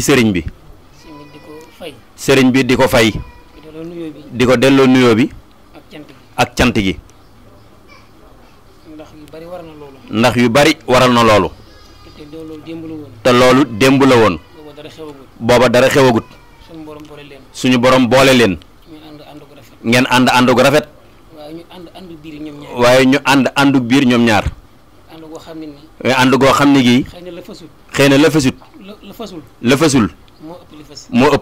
serigne bi serigne bi di fay di delo nuyo bi ak cant gi ndax yu bari waral na loolu te loolu démb la woon boba dara xewagut suñu borom boole len ngeen and andu rafet waye ñu and andu bir ñom ñaar goo xam ne eh, goo xam ne gii. xëy na la fasul. na la fasul. la fasul. la moo ëpp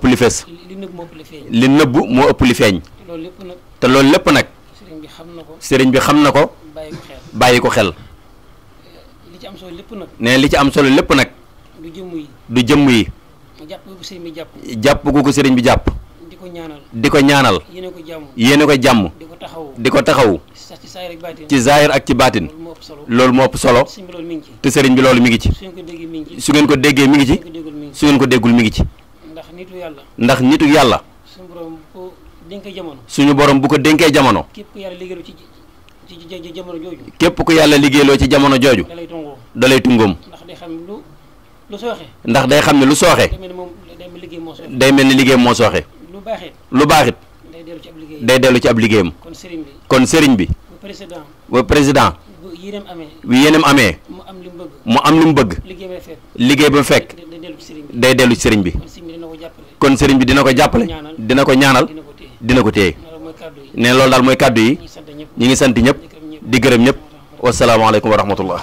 li fes. moo ëpp li nëbb moo ëpp li feeñ. li te lool lépp nag. sëriñ bi xam na ko. sëriñ bi xam na ko. bàyyi ko xel bàyyi eh, li ci am solo lépp nag. li ci am solo lépp nag. du jëmm yi. du jàpp ko ko sëriñ bi jàpp. di ko ñaanal di ko ñaanal yéene ko jàmm yéene di ko taxaw di ko taxaw ci zaahir ak ci baatin loolu moo ëpp solo te sëriñ bi loolu mi ngi ci su ngeen ko déggee mi ngi ci su ngeen ko déggul mi ngi ci ndax nitu yàlla ndax nitu yàlla suñu borom bu ko dénkee jamono suñu borom bu ko dénkee jamono képp ku yàlla liggéeyloo ci ci jamono jooju képp ku yàlla liggéeyloo ci jamono jooju dalay tungoo dalay tungoom ndax day xam lu lu sooxe ndax day xam ne lu sooxe day mel ni liggéey moo sooxe lu baxit day delu ci ab liggéeyam kon serigne bi ba président wi yenem amé mu am lim bëgg liggéey ba fekk day delu ci serigne bi kon serigne bi dina ko jappalé dina ko ñaanal dina ko téy né lool dal moy cadeau yi ñi ngi sant ñëpp di gërëm ñëpp alaykum wa rahmatullah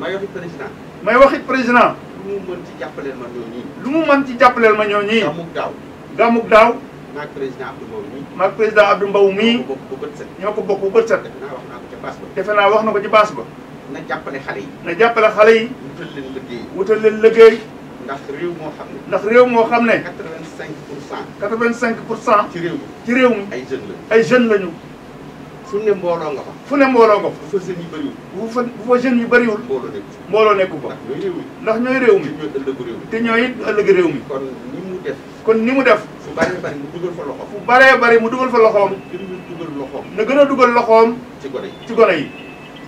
may waxit président may waxit président lu mu mën ci jappalé ma ñoo ñi lu mu mën ci jappalé ma ñoo ñi gàmmug daaw. maag président Abdou Mbow président Abdou Mbow mii. ñoo ko bokk bu bët set. defe naa wax na ko ci baas ba. na jàppale xale yi. na jàppale xale yi. wutal leen liggéey. ndax réew moo xam ne. ndax réew moo xam ne. pour cent. ci réew mi ci réew mi. ay jeunes lañu. ay jeunes ne mbooloo nga fa. fu ne mbooloo nga fa. bu fa jeunes yu bëriwul. bu fa bu fa jeunes mbooloo nekku fa. ndax ñooy réew mi. ndax ñooy réew mi. te mi. kon ni mu def fu baree bari mu dugal fa loxoom fu baree bari mu dugal fa loxoom gën a dugal loxoom na gën a dugal loxoom ci gone yi ci gone yi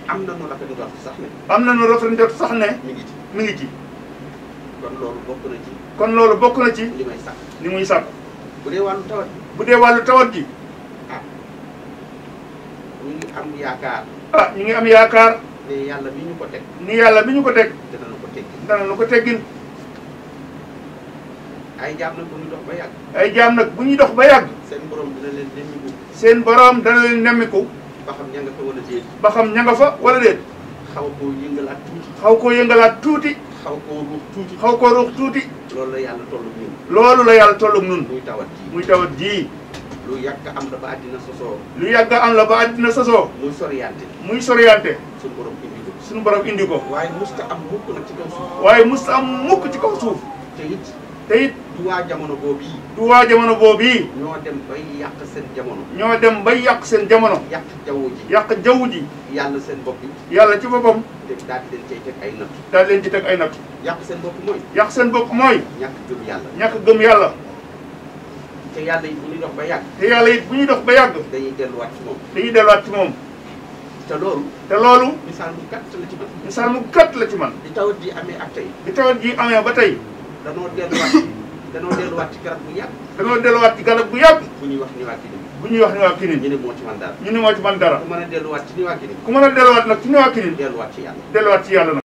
am na nu rafet njort sax ne am na nu sax ne mi ngi ci mi ngi ci loolu bokk na ci kon loolu bokk na ci li may sàkk li muy sàkk bu dee wàllu tawat ji bu dee wàllu tawat ji ah ñu ngi am yaakaar ah ñu ngi am yaakaar ni yàlla mi ñu ko teg ni yàlla mi ñu ko teg dana nu ko teggin dana nu ko teggin ay jaam nag bu ñu dox ba yàgg. ay jaam nag bu ñuy dox ba yàgg. seen borom dana leen nemmiku. seen borom dana leen nemmiku. ba xam ña nga fa wala déet. ba xam ña nga fa wala déet. xaw koo yëngalaat tuuti. xaw koo yëngalaat tuuti. xaw koo ruux xaw koo ruux tuuti. loolu la yàlla tollu ñun. loolu la yàlla tollu ñun. muy tawat ji muy tawat ji. lu yàgg am la ba àddina sosoo. lu yàgg am la ba àddina sosoo. muy soriyante. muy soriyante. suñu boroom indi ko. suñu borom indi ko. waaye musta am mukk nag ci kaw suuf. waaye musta am mukk ci kaw suuf. du waa jamono boobu yi. du waa jamono boobu yi. ñoo dem bay yàq seen jamono. ñoo dem bay yàq seen jamono. yàq jaww ji yàq jaww ji. yàlla seen bopp yi. yàlla ci boppam. daal di leen cay teg ay natt. daal di leen ci teg ay natt. yàq seen bopp mooy. yàq seen bopp mooy. ñàkk gëm yàlla. ñàkk gëm yàlla. te yàlla it bu ñuy dox ba yàgg. te yàlla it bu ñuy dox ba yàgg. dañuy delluwaat ci moom. dañuy delluwaat ci moom. te loolu. te loolu. misaal mu gàtt la ci man. misaal mu gàtt la ci man. di tawat ji amee ak tey. di tawat ji amee ba tey. danoo delluwaat danoo delluwaat ci garab bu yàgg danoo ci garab bu bu ñuy wax ni waa bu ñuy wax ni waa ñu ne moo man dara ñu ne moo man dara ku mën a ci ni waa ku mën a delluwaat ci ni waa Kinin ci yàlla